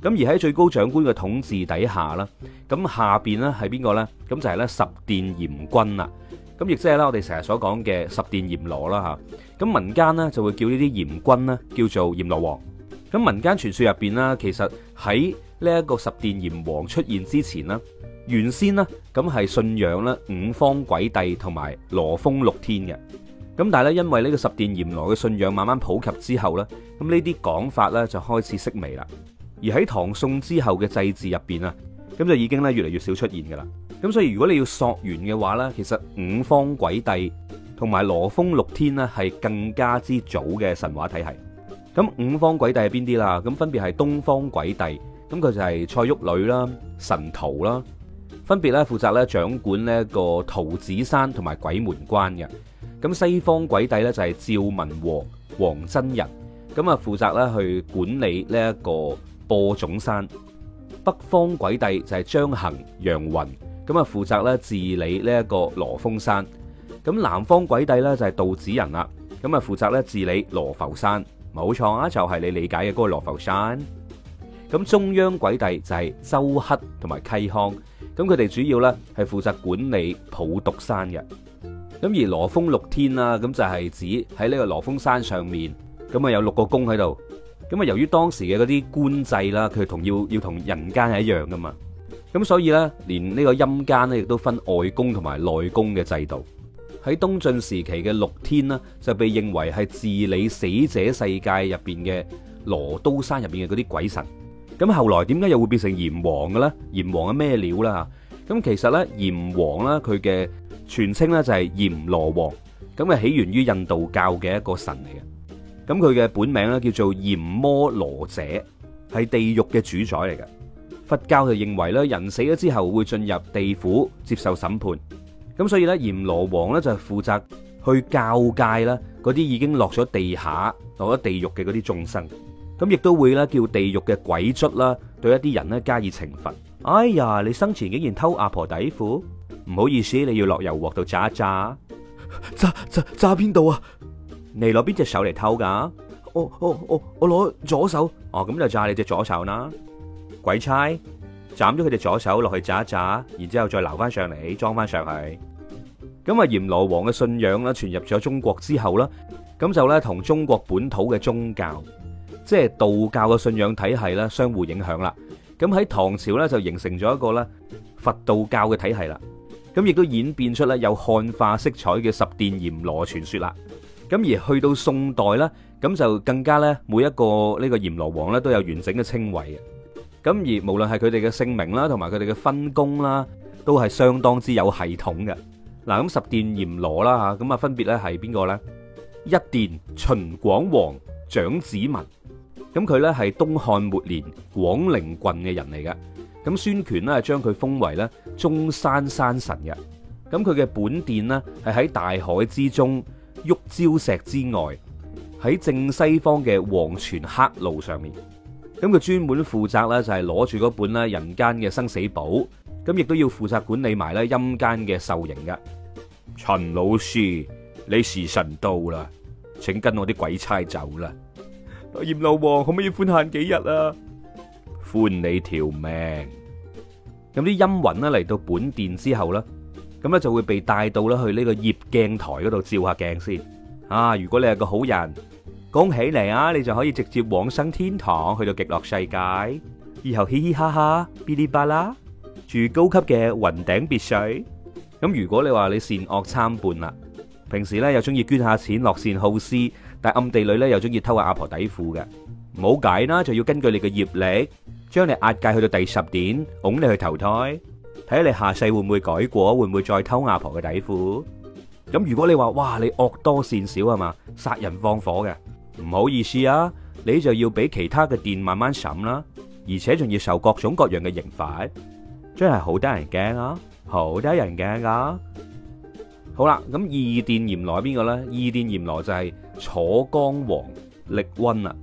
咁而喺最高長官嘅統治底下啦，咁下面呢係邊個呢？咁就係呢十殿閻君啦。咁亦即係咧我哋成日所講嘅十殿閻羅啦嚇。咁民間呢就會叫呢啲閻君呢叫做閻羅王。咁民間傳説入面啦，其實喺呢一個十殿閻王出現之前啦，原先呢咁係信仰咧五方鬼帝同埋羅峰六天嘅。咁但係咧，因為呢個十殿閻羅嘅信仰慢慢普及之後呢，咁呢啲講法呢就開始式微啦。而喺唐宋之後嘅祭祀入邊啊，咁就已經咧越嚟越少出現㗎啦。咁所以如果你要索源嘅話呢，其實五方鬼帝同埋羅峰六天呢係更加之早嘅神話體系。咁五方鬼帝係邊啲啦？咁分別係東方鬼帝，咁佢就係蔡旭女啦、神徒啦，分別咧負責咧掌管呢一個桃子山同埋鬼門關嘅。咁西方鬼帝咧就係趙文和、王真人，咁啊負責咧去管理呢一個播種山，北方鬼帝就係張衡楊雲，咁啊負責咧治理呢一個羅峰山。咁南方鬼帝咧就係道子人啦，咁啊負責咧治理羅浮山。冇錯啊，就係你理解嘅嗰個羅浮山。咁中央鬼帝就係周克同埋契康，咁佢哋主要咧係負責管理普獨山嘅。咁而羅峰六天啦，咁就係指喺呢個羅峰山上面，咁啊有六個宮喺度。咁啊，由於當時嘅嗰啲官制啦，佢同要要同人間係一樣噶嘛，咁所以咧，連呢個陰間咧，亦都分外宮同埋內宮嘅制度。喺東晉時期嘅六天咧，就被認為係治理死者世界入邊嘅羅刀山入邊嘅嗰啲鬼神。咁後來點解又會變成閻王嘅咧？閻王係咩料啦嚇！咁其實咧，閻王啦，佢嘅全稱咧就係閻羅王，咁啊起源於印度教嘅一個神嚟嘅。咁佢嘅本名咧叫做閻魔羅者，係地獄嘅主宰嚟嘅。佛教就認為咧，人死咗之後會進入地府接受審判。咁所以咧，閻羅王咧就係負責去教誡啦，嗰啲已經落咗地下、落咗地獄嘅嗰啲眾生。咁亦都會咧叫地獄嘅鬼卒啦，對一啲人咧加以懲罰。哎呀，你生前竟然偷阿婆底褲，唔好意思，你要落油鑊度炸一炸。炸炸炸邊度啊？你攞邊隻手嚟偷噶？哦哦哦，我攞左手哦，咁就炸你隻左手啦。鬼差斬咗佢隻左手落去，炸一炸，然之後再撈翻上嚟裝翻上去。咁啊，閻羅王嘅信仰啦，傳入咗中國之後啦，咁就咧同中國本土嘅宗教，即係道教嘅信仰體系啦，相互影響啦。咁喺唐朝咧就形成咗一個咧佛道教嘅體系啦。咁亦都演變出咧有漢化色彩嘅十殿閻羅傳說啦。咁而去到宋代咧，咁就更加咧，每一個呢個閻羅王咧都有完整嘅稱謂嘅。咁而無論係佢哋嘅姓名啦，同埋佢哋嘅分工啦，都係相當之有系統嘅。嗱，咁十殿閻羅啦嚇，咁啊分別咧係邊個咧？一殿秦廣王蔣子文，咁佢咧係東漢末年廣陵郡嘅人嚟嘅。咁孫權咧將佢封為咧中山山神嘅。咁佢嘅本殿咧係喺大海之中。玉昭石之外，喺正西方嘅黃泉黑路上面，咁佢專門負責咧就係攞住嗰本咧人間嘅生死簿，咁亦都要負責管理埋咧陰間嘅受刑嘅。陳老師，你時辰到啦，請跟我啲鬼差走啦。閻老王可唔可以寬限幾日啊？寬你條命。咁啲陰魂呢嚟到本殿之後咧。咁咧就會被帶到咧去呢個業鏡台嗰度照下鏡先。啊，如果你係個好人，恭喜你啊，你就可以直接往生天堂，去到極樂世界，以後嘻嘻哈哈、噼哩啪啦，住高級嘅雲頂別墅。咁如果你話你善惡參半啦，平時咧又中意捐下錢、樂善好施，但暗地裏咧又中意偷下阿婆底褲嘅，冇解啦，就要根據你嘅業力，將你押解去到第十殿，㧬你去投胎。睇下你下世會唔會改過，會唔會再偷阿婆嘅底褲？咁如果你話哇，你惡多善少啊嘛，殺人放火嘅，唔好意思啊，你就要俾其他嘅殿慢慢審啦，而且仲要受各種各樣嘅刑罰，真係好得人驚啊，好得人驚噶。好啦，咁二殿閻羅係邊個呢？二殿閻羅就係楚江王厲溫啊，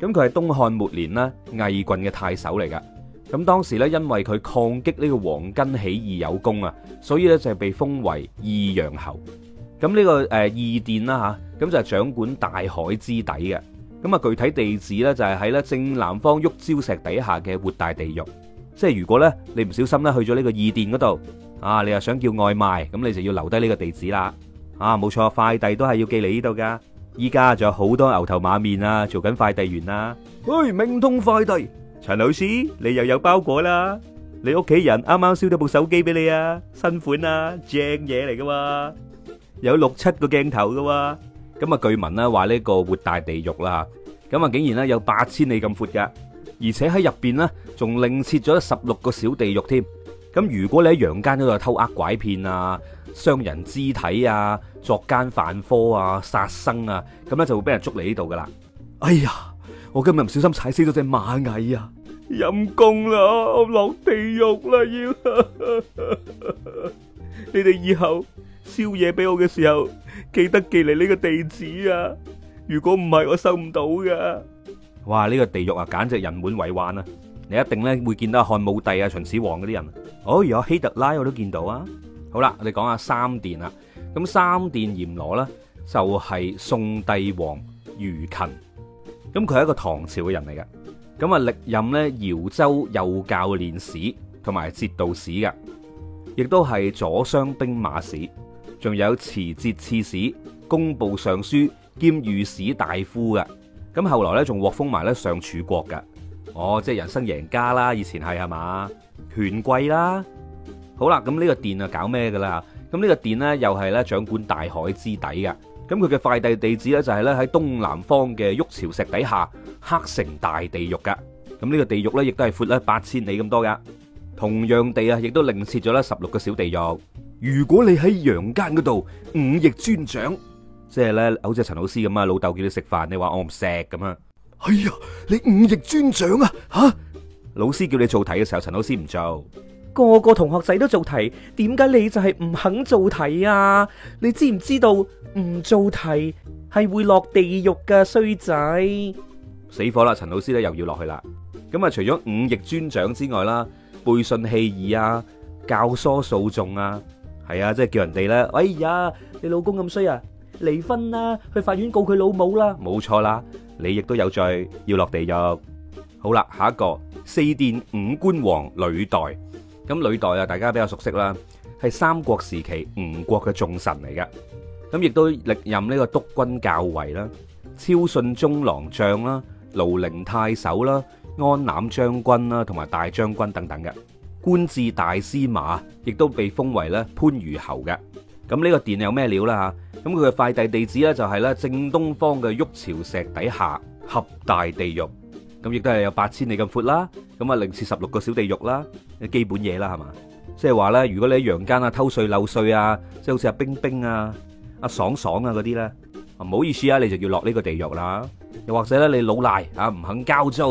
咁佢係東漢末年呢魏郡嘅太守嚟噶。咁當時咧，因為佢抗擊呢個黃巾起義有功啊，所以咧就係被封為義陽侯。咁、這、呢個誒義殿啦嚇，咁就係掌管大海之底嘅。咁啊，具體地址咧就係喺咧正南方鬱礁石底下嘅活大地獄。即係如果咧你唔小心咧去咗呢個義殿嗰度，啊，你又想叫外賣，咁你就要留低呢個地址啦。啊，冇錯，快遞都係要寄嚟呢度噶。依家仲有好多牛頭馬面啊，做緊快遞員啊。喂，明通快遞。陳老師，你又有包裹啦！你屋企人啱啱燒咗部手機俾你啊，新款啊，正嘢嚟噶嘛，有六七個鏡頭噶嘛。咁啊，據聞啦，話呢個活大地獄啦，咁啊，竟然咧有八千里咁闊噶，而且喺入邊咧仲另設咗十六個小地獄添。咁如果你喺陽間嗰度偷呃拐騙啊、傷人肢體啊、作奸犯科啊、殺生啊，咁咧就會俾人捉嚟呢度噶啦。哎呀！我今日唔小心踩死咗隻螞蟻啊！陰功啦，我落地獄啦要！你哋以後燒嘢俾我嘅時候，記得寄嚟呢個地址啊！如果唔係，我收唔到噶。哇！呢個地獄啊，簡直人滿為患啊！你一定咧會見到漢武帝啊、秦始皇嗰啲人。哦，如果希特拉我都見到啊！好啦，我哋講下三殿啦。咁三殿閻羅咧，就係宋帝王余勤。咁佢係一個唐朝嘅人嚟嘅，咁啊歷任咧饒州右教練史同埋節度使嘅，亦都係左廂兵馬史，仲有持節刺史、工部尚書兼御史大夫嘅。咁後來咧仲獲封埋咧上楚國噶，哦，即係人生贏家啦，以前係係嘛，權貴啦。好啦，咁呢個殿啊搞咩噶啦？咁呢個殿咧又係咧掌管大海之底嘅。咁佢嘅快遞地址咧就係咧喺東南方嘅沃焦石底下黑繩大地獄噶，咁呢個地獄咧亦都係闊咧八千里咁多噶，同樣地啊，亦都另設咗咧十六個小地獄。如果你喺陽間嗰度忤逆尊長，即係咧好似陳老師咁啊，老豆叫你食飯，你話我唔食咁啊，哎呀，你忤逆尊長啊吓，老師叫你做題嘅時候，陳老師唔做。個個同學仔都做題，點解你就係唔肯做題啊？你知唔知道唔做題係會落地獄噶衰仔？死火啦！陳老師咧又要落去啦。咁啊，除咗忤逆尊長之外啦，背信棄義啊，教唆訴訟啊，係啊，即係叫人哋啦。哎呀，你老公咁衰啊，離婚啦，去法院告佢老母啦。冇錯啦，你亦都有罪要落地獄。好啦，下一個四殿五官王呂岱。咁呂岱啊，大家比較熟悉啦，係三國時期吳國嘅重臣嚟嘅。咁亦都歷任呢個督軍教尉啦、超信中郎將啦、勞陵太守啦、安南將軍啦，同埋大將軍等等嘅官至大司馬，亦都被封為咧番禺侯嘅。咁呢個殿有咩料啦？嚇，咁佢嘅快遞地址咧就係咧正東方嘅玉朝石底下合大地獄，咁亦都係有八千里咁闊啦，咁啊另設十六個小地獄啦。嘅基本嘢啦，係嘛？即係話咧，如果你喺陽間啊偷稅漏稅啊，即係好似阿冰冰啊、阿爽爽啊嗰啲咧，唔好意思啊，你就要落呢個地獄啦。又或者咧，你老賴啊唔肯交租，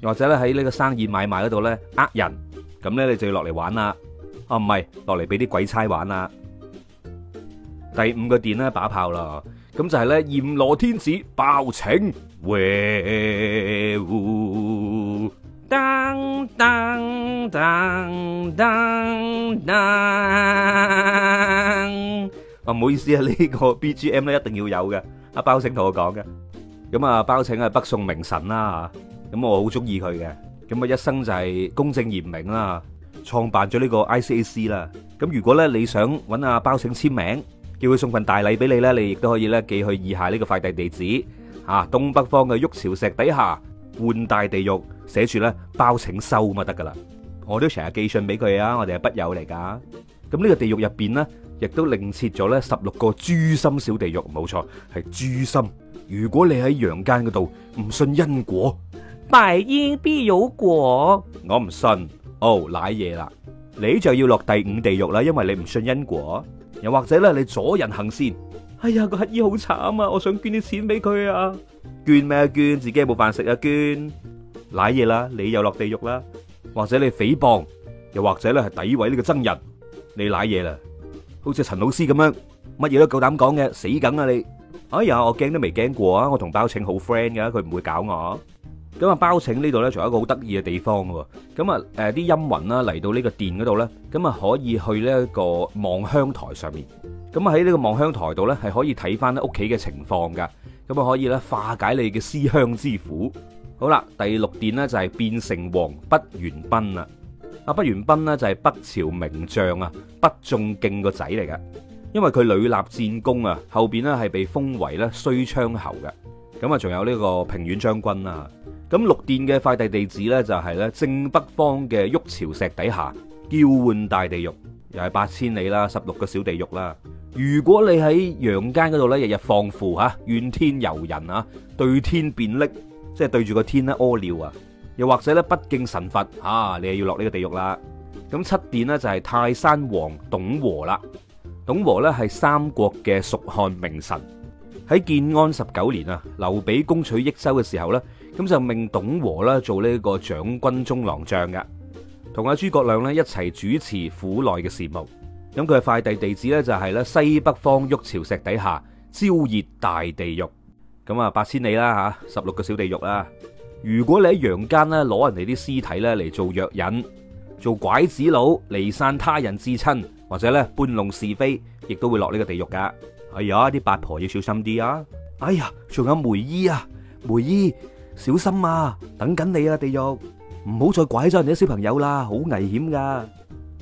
又或者咧喺呢個生意買賣嗰度咧呃人，咁咧你就要落嚟玩啦。啊唔係，落嚟俾啲鬼差玩啦。第五個殿咧把炮啦，咁就係咧閻羅天子包請維護。當當當當當！啊，唔好意思啊，呢個 BGM 咧一定要有嘅。阿包拯同我講嘅，咁啊，包拯係北宋名臣啦。咁我好中意佢嘅，咁啊，一生就係公正嚴明啦。創辦咗呢個 ICAC 啦。咁如果咧你想揾阿包拯簽名，叫佢送份大禮俾你咧，你亦都可以咧寄去以下呢個快遞地址啊，東北方嘅沃焦石底下，喚大地獄。寫住咧，包拯收咪得噶啦。我都成日寄信俾佢啊，我哋係筆友嚟噶。咁呢個地獄入邊咧，亦都另設咗咧十六個誅心小地獄，冇錯係誅心。如果你喺陽間嗰度唔信因果，埋因必有果，我唔信哦，瀨嘢啦，你就要落第五地獄啦，因為你唔信因果，又或者咧你阻人行善。哎呀，個乞兒好慘啊，我想捐啲錢俾佢啊，捐咩捐？自己冇飯食啊，捐。瀨嘢啦，你又落地獄啦，或者你誹謗，又或者咧係詆毀呢個僧人，你瀨嘢啦，好似陳老師咁樣，乜嘢都夠膽講嘅，死梗啊你！哎呀，我驚都未驚過啊，我同包拯好 friend 噶，佢唔會搞我。咁啊，包拯呢度咧，仲有一個好得意嘅地方喎。咁啊，誒啲陰魂啦嚟到呢個殿嗰度咧，咁啊可以去呢一個望鄉台上面。咁啊喺呢個望鄉台度咧，係可以睇翻咧屋企嘅情況噶，咁啊可以咧化解你嘅思鄉之苦。好啦，第六殿呢就係變成王北元斌啦。啊，北元斌呢就係北朝名將啊，北仲敬個仔嚟嘅。因為佢屢立戰功啊，後邊呢係被封為咧衰昌侯嘅。咁啊，仲有呢個平原將軍啊。咁六殿嘅快遞地，地址呢，就係呢正北方嘅玉朝石底下，叫喚大地獄，又係八千里啦，十六個小地獄啦。如果你喺陽間嗰度呢，日日放符吓，怨天尤人啊，對天便溺。即係對住個天咧屙尿啊！又或者咧不敬神佛啊，你又要落呢個地獄啦。咁七殿呢，就係泰山王董和啦。董和呢，係三國嘅蜀漢名臣。喺建安十九年啊，劉備攻取益州嘅時候呢，咁就命董和咧做呢個將軍中郎將㗎，同阿諸葛亮呢一齊主持府內嘅事務。咁佢嘅快遞地址呢，就係咧西北方玉朝石底下焦熱大地獄。咁啊，八千里啦，嚇十六個小地獄啦。如果你喺陽間咧，攞人哋啲屍體咧嚟做藥引，做拐子佬，離散他人至親，或者咧搬弄是非，亦都會落呢個地獄噶。哎呀，啲八婆要小心啲啊！哎呀，仲有梅姨啊，梅姨小心啊，等緊你啊，地獄唔好再拐走人哋啲小朋友啦，好危險噶。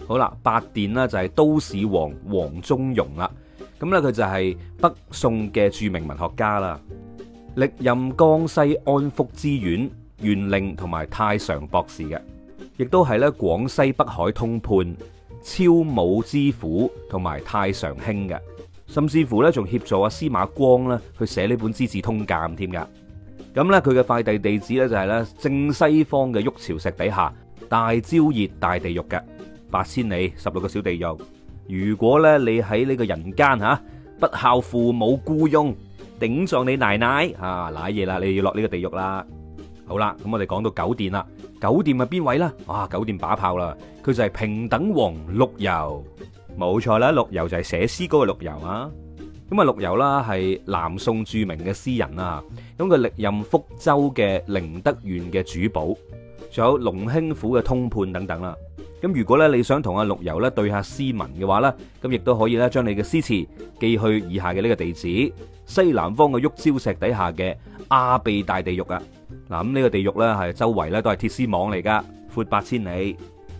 好啦，八殿呢，就係都市王黃中庸啦。咁咧，佢就係北宋嘅著名文學家啦。歷任江西安福知縣、元令、同埋太常博士嘅亦都係咧廣西北海通判、超武知府同埋太常卿，嘅，甚至乎咧仲協助阿司馬光咧去寫呢本《資治通鑑》添噶。咁咧佢嘅快遞地址咧就係咧正西方嘅玉朝石底下大焦熱大地獄嘅八千里十六個小地獄。如果咧你喺呢個人間吓不孝父母、僱傭。頂撞你奶奶啊！瀨嘢啦，你要落呢個地獄啦。好啦，咁我哋講到九殿啦。九殿係邊位呢？哇，九殿把炮啦，佢就係平等王陸游，冇錯啦。陸游就係寫詩歌嘅陸游啊。咁啊，陸游啦係南宋著名嘅詩人啦。咁佢歷任福州嘅寧德縣嘅主簿，仲有龍興府嘅通判等等啦。咁如果呢你想同阿陸游呢對下詩文嘅話呢，咁亦都可以呢將你嘅詩詞寄去以下嘅呢個地址。西南方嘅沃燋石底下嘅阿鼻大地獄啊，啊！嗱咁呢個地獄咧，係周圍咧都係鐵絲網嚟噶，闊八千里，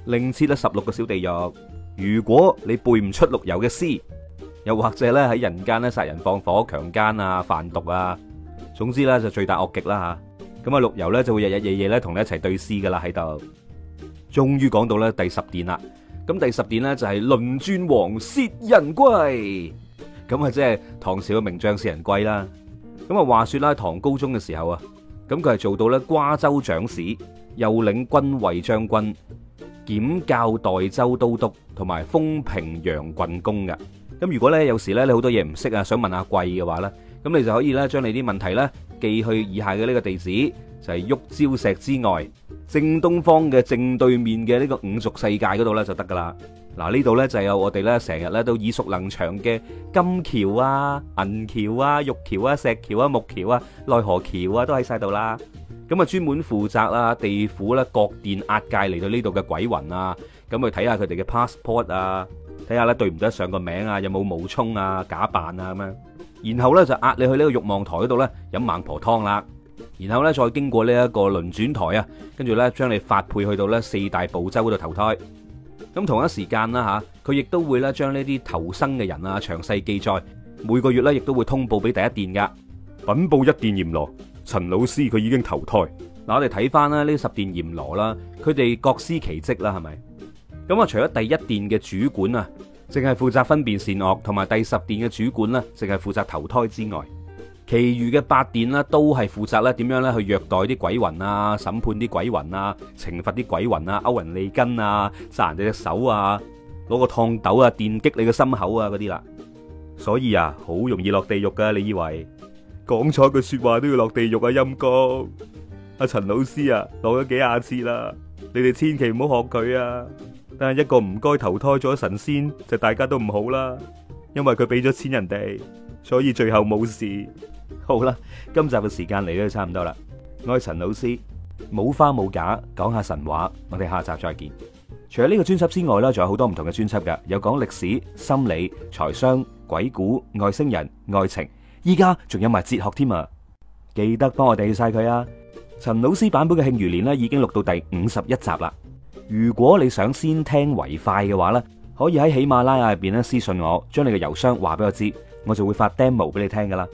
另設得十六個小地獄。如果你背唔出陸游嘅詩，又或者咧喺人間咧殺人放火、強姦啊、販毒啊，總之啦就罪大惡極啦吓。咁啊陸游咧就會日日夜夜咧同你一齊對詩噶啦喺度。終於講到咧第十殿啦，咁第十殿呢，就係輪轉王薛仁貴。咁啊，即係唐朝嘅名將薛仁貴啦。咁啊，話説啦，唐高宗嘅時候啊，咁佢係做到咧瓜州長史，右領軍衞將軍、檢校代州都督同埋封平陽郡公嘅。咁如果咧有時咧你好多嘢唔識啊，想問下貴嘅話咧，咁你就可以咧將你啲問題咧寄去以下嘅呢個地址，就係玉礁石之外正東方嘅正對面嘅呢個五族世界嗰度咧就得噶啦。嗱，呢度呢就有我哋呢成日呢都耳熟能詳嘅金橋啊、銀橋啊、玉橋啊，啊、石橋啊、木橋啊、奈何橋啊，都喺晒度啦。咁啊，專門負責啦地府呢各殿押解嚟到呢度嘅鬼魂啊，咁去睇下佢哋嘅 passport 啊，睇下呢對唔得上個名啊，有冇冒充啊、假扮啊咁樣。然後呢，就押你去呢個欲望台嗰度呢飲孟婆湯啦。然後呢，再經過呢一個輪轉台啊，跟住呢將你發配去到呢四大部洲嗰度投胎。咁同一時間啦嚇，佢亦都會咧將呢啲投生嘅人啊詳細記載，每個月咧亦都會通報俾第一殿嘅，稟報一殿閻羅，陳老師佢已經投胎。嗱，我哋睇翻咧呢十殿閻羅啦，佢哋各司其職啦，係咪？咁啊，除咗第一殿嘅主管啊，淨係負責分辨善惡，同埋第十殿嘅主管咧，淨係負責投胎之外。其餘嘅八殿啦，都係負責咧，點樣咧去虐待啲鬼魂啊，審判啲鬼魂啊，懲罰啲鬼魂啊，勾人脷根啊，殺人哋隻手啊，攞個燙斗啊，電擊你嘅心口啊嗰啲啦。所以啊，好容易落地獄噶，你以為？講錯句說話都要落地獄啊，陰哥，阿陳老師啊，落咗幾廿次啦。你哋千祈唔好學佢啊。但係一個唔該投胎咗神仙，就大家都唔好啦，因為佢俾咗錢人哋，所以最後冇事。好啦，今集嘅時間嚟到差唔多啦。我係陳老師，冇花冇假講下神話，我哋下集再見。除咗呢個專輯之外呢仲有好多唔同嘅專輯噶，有講歷史、心理、財商、鬼故、外星人、愛情，依家仲有埋哲學添啊！記得幫我訂閱晒佢啊！陳老師版本嘅《慶餘年》呢已經錄到第五十一集啦。如果你想先聽為快嘅話呢，可以喺喜馬拉雅入邊咧私信我，將你嘅郵箱話俾我知，我就會發 demo 俾你聽噶啦。